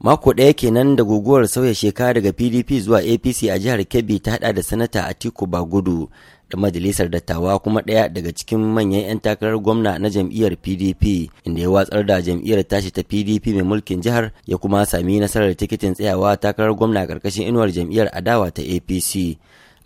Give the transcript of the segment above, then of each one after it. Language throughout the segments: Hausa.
Mako ɗaya kenan da guguwar sauya shekara daga PDP zuwa APC a jihar Kebbi ta haɗa da Sanata Atiku Bagudu da Majalisar Dattawa kuma ɗaya daga cikin manyan 'yan takarar gwamna na jam'iyyar PDP inda ya watsar da jam'iyyar tashi ta PDP mai mulkin jihar ya kuma sami nasarar tikitin tsayawa takarar gwamna ƙarƙashin inuwar jam'iyyar adawa ta APC.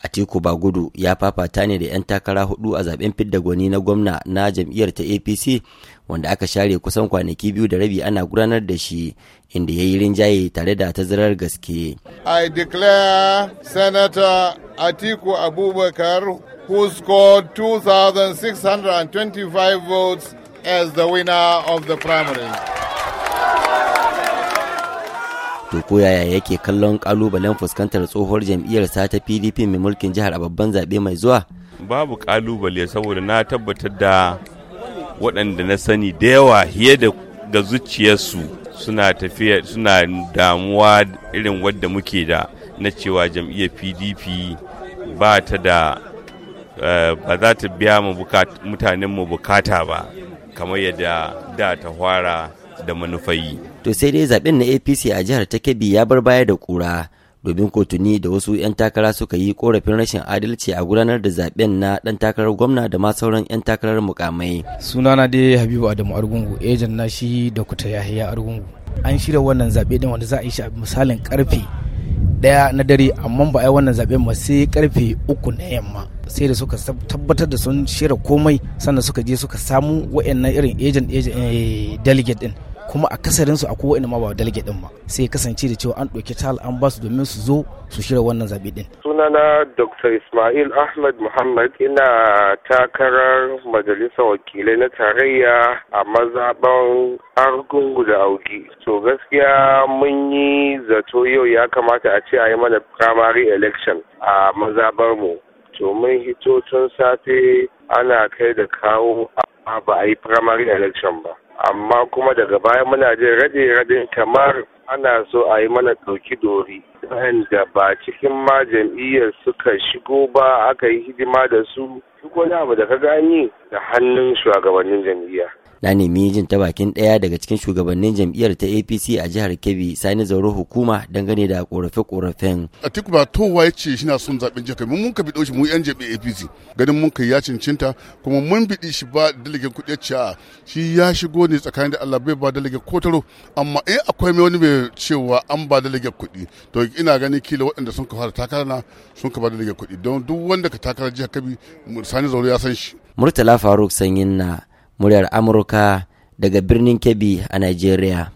Atiku Bagudu ya fafata ne da 'yan takara hudu a zaben fidda gwani na gwamna na jam'iyyar ta APC wanda aka share kusan kwanaki biyu da rabi ana gudanar da shi inda ya yi rinjaye tare da tazarar gaske. I declare Senator Atiku Abubakar who scored 2,625 votes as the winner of the primary. to ko yaya yake kallon kalubalen fuskantar tsohuwar jam'iyyar sa ta pdp mai mulkin jihar a babban zaɓe mai zuwa babu kalubale saboda na tabbatar da waɗanda na sani da yawa fiye da ga zuciyarsu suna tafiya suna damuwa irin wadda muke da na cewa jam'iyyar pdp ba ta da eh, ba za ta biya mutanenmu bukata ba kamar yadda da ta fara da manufai. To sai dai zaben na APC a jihar ta Kebbi ya bar baya da kura domin kotuni da wasu 'yan takara suka yi korafin rashin adalci a gudanar da zaben na dan takarar gwamna da ma sauran 'yan takarar mukamai. Sunana dai Habibu Adamu Argungu, ejan na shi da kuta Yahaya Argungu. An shirya wannan zaɓe din wanda za a yi shi a misalin karfe ɗaya na dare amma ba a yi wannan zaɓen ba sai karfe uku na yamma. sai da suka tabbatar da sun shirya komai sannan suka je suka samu wa'annan irin agent agent eh, delegate din kuma a kasarin su akwai wa'annan ma ba delegate din ba sai kasance da cewa an ɗauki tal an ba su domin su zo su shirya wannan zaɓe din sunana dr ismail ahmad muhammad ina takarar majalisar wakilai na tarayya a mazaɓan argungu da auki to gaskiya mun yi zato yau ya kamata a ce a yi mana primary election a mazabar mu to mun hito tun safe ana kai da kawo amma ba a yi primary election ba amma kuma daga baya muna jin rade-raden kamar ana so a yi mana ɗauki dori da ba cikin ma jam'iyyar suka shigo ba aka yi hidima da su duk wani abu da ka gani da hannun shugabannin jam'iyya na nemi jin ta bakin ɗaya daga cikin shugabannin jam'iyyar ta apc a jihar kebbi sani zauro hukuma dangane da korafe-korafen atiku ba to ya ce shi na son zaɓen jihar kebbi mun ka biɗo shi mu yan jam'iyyar apc ganin mun kai ya cincinta kuma mun biɗi shi ba dalilin kuɗi ya ce a shi ya shigo ne tsakanin da allah bai ba dalilin kotaro amma in akwai wani mai cewa an ba dalilin kuɗi to ina ganin kila waɗanda sun ka fara takara na sun ka ba dalilin kuɗi don duk wanda ka takara jihar kebbi sani zauro ya san shi murtala faruk sanyin na muryar Amurka daga birnin Kebbi a Najeriya.